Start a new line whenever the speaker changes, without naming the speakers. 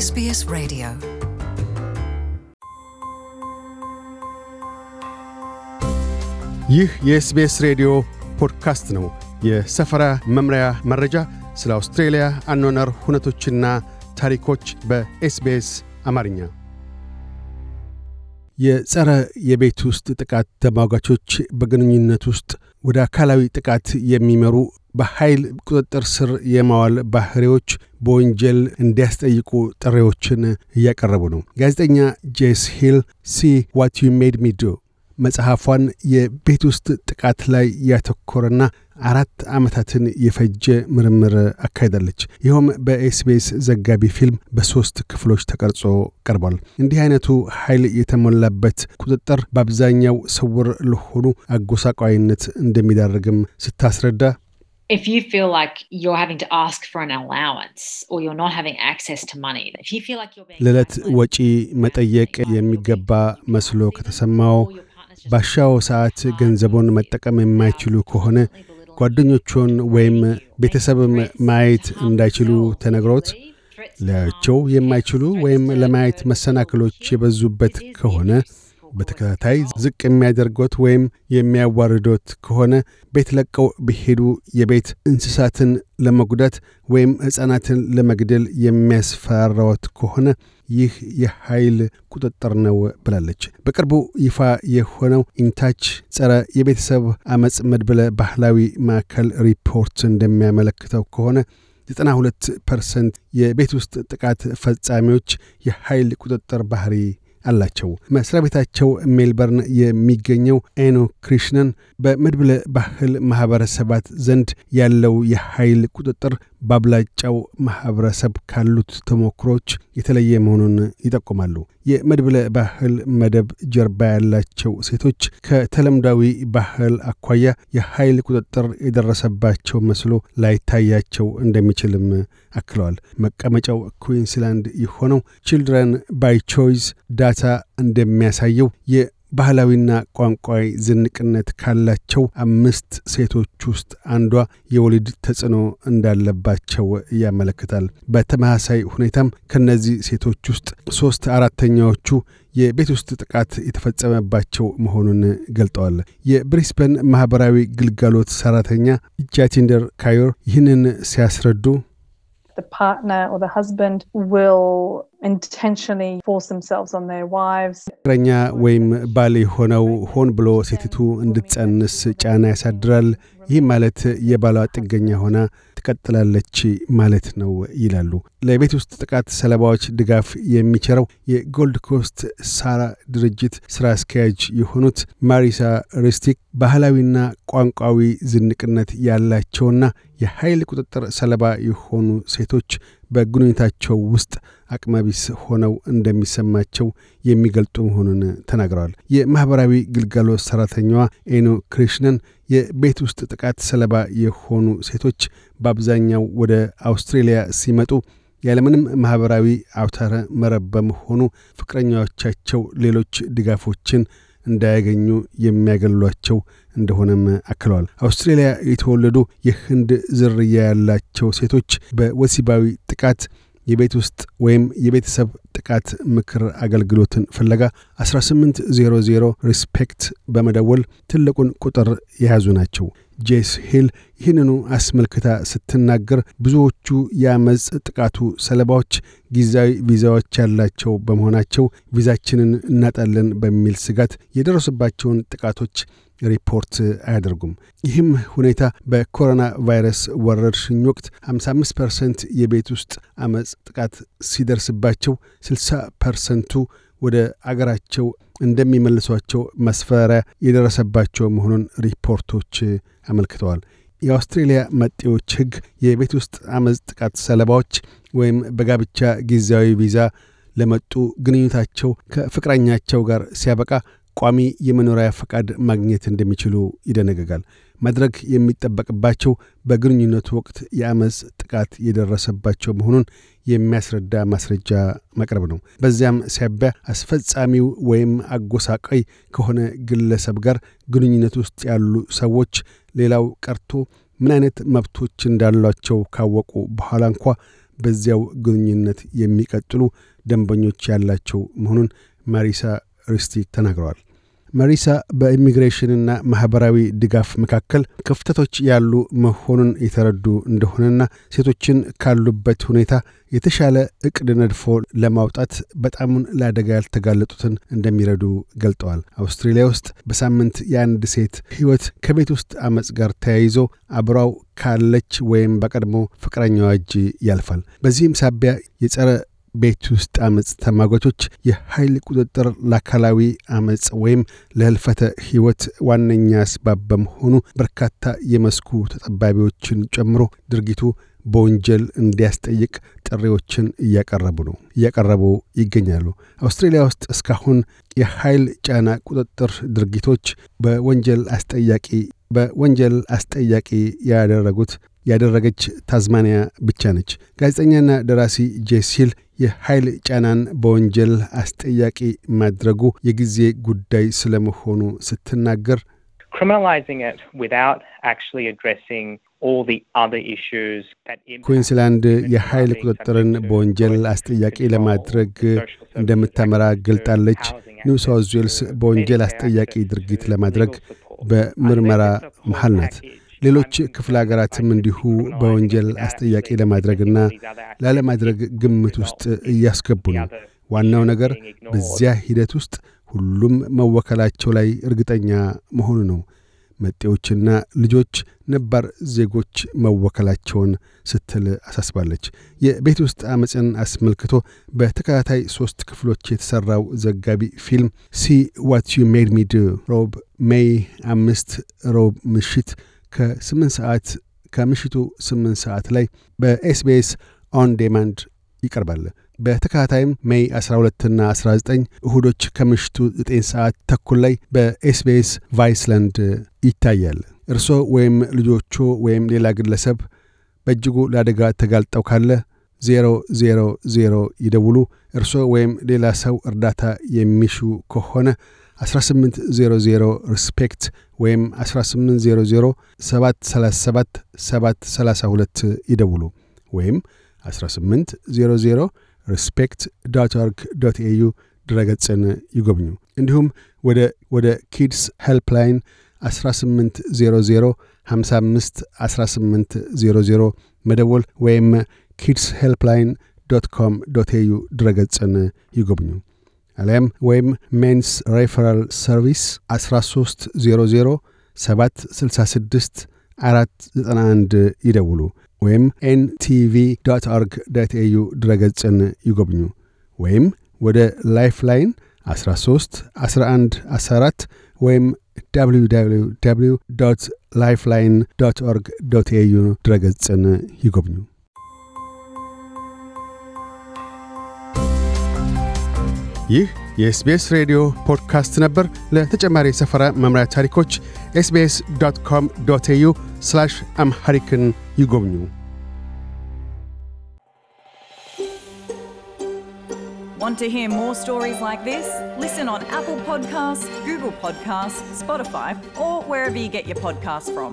SBS Radio ይህ የኤስቢኤስ ሬዲዮ ፖድካስት ነው። የሰፈራ መምሪያ መረጃ፣ ስለ አውስትሬልያ አኗኗር ሁነቶችና ታሪኮች በኤስቢኤስ አማርኛ የጸረ የቤት ውስጥ ጥቃት ተሟጋቾች በግንኙነት ውስጥ ወደ አካላዊ ጥቃት የሚመሩ በኃይል ቁጥጥር ስር የማዋል ባህሪዎች በወንጀል እንዲያስጠይቁ ጥሪዎችን እያቀረቡ ነው። ጋዜጠኛ ጄስ ሂል ሲ ዋት ዩ ሜድ ሚ ዱ መጽሐፏን የቤት ውስጥ ጥቃት ላይ ያተኮረና አራት ዓመታትን የፈጀ ምርምር አካሂዳለች። ይኸውም በኤስቢኤስ ዘጋቢ ፊልም በሦስት ክፍሎች ተቀርጾ ቀርቧል። እንዲህ አይነቱ ኃይል የተሞላበት ቁጥጥር በአብዛኛው ስውር ለሆኑ አጎሳቋይነት እንደሚዳርግም ስታስረዳ if you feel like you're having to ask for an allowance or you're not having access to money, if you feel like you're being... ለዕለት ወጪ መጠየቅ የሚገባ መስሎ ከተሰማው ባሻው ሰዓት ገንዘቡን መጠቀም የማይችሉ ከሆነ ጓደኞቹን ወይም ቤተሰብም ማየት እንዳይችሉ ተነግሮት ሊያቸው የማይችሉ ወይም ለማየት መሰናክሎች የበዙበት ከሆነ በተከታታይ ዝቅ የሚያደርጎት ወይም የሚያዋርዶት ከሆነ ቤት ለቀው ቢሄዱ የቤት እንስሳትን ለመጉዳት ወይም ሕፃናትን ለመግደል የሚያስፈራራዎት ከሆነ ይህ የኃይል ቁጥጥር ነው ብላለች። በቅርቡ ይፋ የሆነው ኢንታች ጸረ የቤተሰብ አመፅ መድብለ ባህላዊ ማዕከል ሪፖርት እንደሚያመለክተው ከሆነ 92 ፐርሰንት የቤት ውስጥ ጥቃት ፈጻሚዎች የኃይል ቁጥጥር ባህሪ አላቸው። መስሪያ ቤታቸው ሜልበርን የሚገኘው ኤኖ ክሪሽነን በመድብለ ባህል ማኅበረሰባት ዘንድ ያለው የኃይል ቁጥጥር በአብላጫው ማህበረሰብ ካሉት ተሞክሮች የተለየ መሆኑን ይጠቁማሉ። የመድብለ ባህል መደብ ጀርባ ያላቸው ሴቶች ከተለምዳዊ ባህል አኳያ የኃይል ቁጥጥር የደረሰባቸው መስሎ ላይታያቸው እንደሚችልም አክለዋል። መቀመጫው ኩዊንስላንድ የሆነው ችልድረን ባይ ቾይስ ዳታ እንደሚያሳየው ባህላዊና ቋንቋዊ ዝንቅነት ካላቸው አምስት ሴቶች ውስጥ አንዷ የወሊድ ተጽዕኖ እንዳለባቸው ያመለክታል። በተመሳሳይ ሁኔታም ከነዚህ ሴቶች ውስጥ ሶስት አራተኛዎቹ የቤት ውስጥ ጥቃት የተፈጸመባቸው መሆኑን ገልጠዋል። የብሪስበን ማኅበራዊ ግልጋሎት ሠራተኛ ጃቲንደር ካዮር ይህንን ሲያስረዱ the partner or the husband will intentionally force themselves on their wives ፍቅረኛ ወይም ባል የሆነው ሆን ብሎ ሴቲቱ እንድትጸንስ ጫና ያሳድራል። ይህ ማለት የባሏ ጥገኛ ሆና ትቀጥላለች ማለት ነው ይላሉ። ለቤት ውስጥ ጥቃት ሰለባዎች ድጋፍ የሚቸረው የጎልድ ኮስት ሳራ ድርጅት ስራ አስኪያጅ የሆኑት ማሪሳ ሪስቲክ ባህላዊና ቋንቋዊ ዝንቅነት ያላቸውና የኃይል ቁጥጥር ሰለባ የሆኑ ሴቶች በግንኙነታቸው ውስጥ አቅመቢስ ሆነው እንደሚሰማቸው የሚገልጡ መሆኑን ተናግረዋል። የማኅበራዊ ግልጋሎት ሠራተኛዋ ኤኖ ክሪሽነን የቤት ውስጥ ጥቃት ሰለባ የሆኑ ሴቶች በአብዛኛው ወደ አውስትሬልያ ሲመጡ ያለምንም ማኅበራዊ አውታረ መረብ በመሆኑ ፍቅረኛዎቻቸው ሌሎች ድጋፎችን እንዳያገኙ የሚያገሏቸው እንደሆነም አክለዋል። አውስትሬልያ የተወለዱ የህንድ ዝርያ ያላቸው ሴቶች በወሲባዊ ጥቃት የቤት ውስጥ ወይም የቤተሰብ ጥቃት ምክር አገልግሎትን ፍለጋ 1800 ሪስፔክት በመደወል ትልቁን ቁጥር የያዙ ናቸው። ጄስ ሂል ይህንኑ አስመልክታ ስትናገር ብዙዎቹ የአመፅ ጥቃቱ ሰለባዎች ጊዜያዊ ቪዛዎች ያላቸው በመሆናቸው ቪዛችንን እናጣለን በሚል ስጋት የደረሱባቸውን ጥቃቶች ሪፖርት አያደርጉም። ይህም ሁኔታ በኮሮና ቫይረስ ወረርሽኝ ወቅት 55 ፐርሰንት የቤት ውስጥ አመፅ ጥቃት ሲደርስባቸው 60 ፐርሰንቱ ወደ አገራቸው እንደሚመልሷቸው መስፈሪያ የደረሰባቸው መሆኑን ሪፖርቶች አመልክተዋል። የአውስትሬሊያ መጤዎች ሕግ የቤት ውስጥ አመፅ ጥቃት ሰለባዎች ወይም በጋብቻ ጊዜያዊ ቪዛ ለመጡ ግንኙነታቸው ከፍቅረኛቸው ጋር ሲያበቃ ቋሚ የመኖሪያ ፈቃድ ማግኘት እንደሚችሉ ይደነግጋል። ማድረግ የሚጠበቅባቸው በግንኙነቱ ወቅት የአመፅ ጥቃት የደረሰባቸው መሆኑን የሚያስረዳ ማስረጃ መቅረብ ነው። በዚያም ሳቢያ አስፈጻሚው ወይም አጎሳቀይ ከሆነ ግለሰብ ጋር ግንኙነት ውስጥ ያሉ ሰዎች ሌላው ቀርቶ ምን አይነት መብቶች እንዳሏቸው ካወቁ በኋላ እንኳ በዚያው ግንኙነት የሚቀጥሉ ደንበኞች ያላቸው መሆኑን ማሪሳ ሪስቲ ተናግረዋል። መሪሳ በኢሚግሬሽንና ማኅበራዊ ድጋፍ መካከል ክፍተቶች ያሉ መሆኑን የተረዱ እንደሆነና ሴቶችን ካሉበት ሁኔታ የተሻለ እቅድ ነድፎ ለማውጣት በጣሙን ለአደጋ ያልተጋለጡትን እንደሚረዱ ገልጠዋል። አውስትሬሊያ ውስጥ በሳምንት የአንድ ሴት ሕይወት ከቤት ውስጥ አመፅ ጋር ተያይዞ አብራው ካለች ወይም በቀድሞ ፍቅረኛዋ እጅ ያልፋል። በዚህም ሳቢያ የጸረ ቤት ውስጥ አመፅ ተማጓቾች የኃይል ቁጥጥር ለአካላዊ አመፅ ወይም ለህልፈተ ህይወት ዋነኛ አስባብ በመሆኑ በርካታ የመስኩ ተጠባቢዎችን ጨምሮ ድርጊቱ በወንጀል እንዲያስጠይቅ ጥሪዎችን እያቀረቡ ነው እያቀረቡ ይገኛሉ። አውስትሬሊያ ውስጥ እስካሁን የኃይል ጫና ቁጥጥር ድርጊቶች በወንጀል አስጠያቂ በወንጀል አስጠያቂ ያደረጉት ያደረገች ታዝማኒያ ብቻ ነች። ጋዜጠኛና ደራሲ ጄሲል የኃይል ጫናን በወንጀል አስጠያቂ ማድረጉ የጊዜ ጉዳይ ስለመሆኑ ስትናገር ኩዊንስላንድ የኃይል ቁጥጥርን በወንጀል አስጠያቂ ለማድረግ እንደምታመራ ገልጣለች። ኒው ሳውዝ ዌልስ በወንጀል አስጠያቂ ድርጊት ለማድረግ በምርመራ መሀል ናት። ሌሎች ክፍለ ሀገራትም እንዲሁ በወንጀል አስጠያቂ ለማድረግና ላለማድረግ ግምት ውስጥ እያስገቡ ነው። ዋናው ነገር በዚያ ሂደት ውስጥ ሁሉም መወከላቸው ላይ እርግጠኛ መሆኑ ነው። መጤዎችና ልጆች ነባር ዜጎች መወከላቸውን ስትል አሳስባለች። የቤት ውስጥ አመፅን አስመልክቶ በተከታታይ ሶስት ክፍሎች የተሠራው ዘጋቢ ፊልም ሲ ዋት ዩ ሜድ ሚ ዱ ሮብ ሜይ አምስት ሮብ ምሽት ከስምንት ሰዓት ከምሽቱ ስምንት ሰዓት ላይ በኤስቢኤስ ኦን ዴማንድ ይቀርባል። በተከታታይም ሜይ 12ና 19 እሁዶች ከምሽቱ 9 ሰዓት ተኩል ላይ በኤስቢኤስ ቫይስላንድ ይታያል። እርስዎ ወይም ልጆቹ ወይም ሌላ ግለሰብ በእጅጉ ለአደጋ ተጋልጠው ካለ 000 ይደውሉ። እርስዎ ወይም ሌላ ሰው እርዳታ የሚሹ ከሆነ 1800 ሪስፔክት ወይም 1800 737 732 ይደውሉ ወይም 1800 ሪስፔክት ዶት ኦርግ ዶት ኤዩ ድረገጽን ይጎብኙ። እንዲሁም ወደ ወደ ኪድስ ሄልፕላይን 1800551800 መደወል ወይም ኪድስ ሄልፕላይን ዶት ኮም ዶት ኤዩ ድረገጽን ይጎብኙ። አሊያም ወይም ሜንስ ሬፈራል ሰርቪስ 1300 766 491 ይደውሉ ወይም ኤንቲቪ ኦርግ ኤዩ ድረገጽን ይጎብኙ ወይም ወደ ላይፍላይን 13 11 14 ወይም www ላይፍላይን ኦርግ ኤዩ ድረገጽን ይጎብኙ ይህ የኤስቤስ ሬዲዮ ፖድካስት ነበር። ለተጨማሪ የሰፈራ መምሪያ ታሪኮች ኤስቤስ ዶት ኮም ዶት አምሐሪክን ይጎብኙ። Want to hear more stories like this? Listen on Apple Podcasts, Google Podcasts, Spotify, or wherever you get your podcasts from.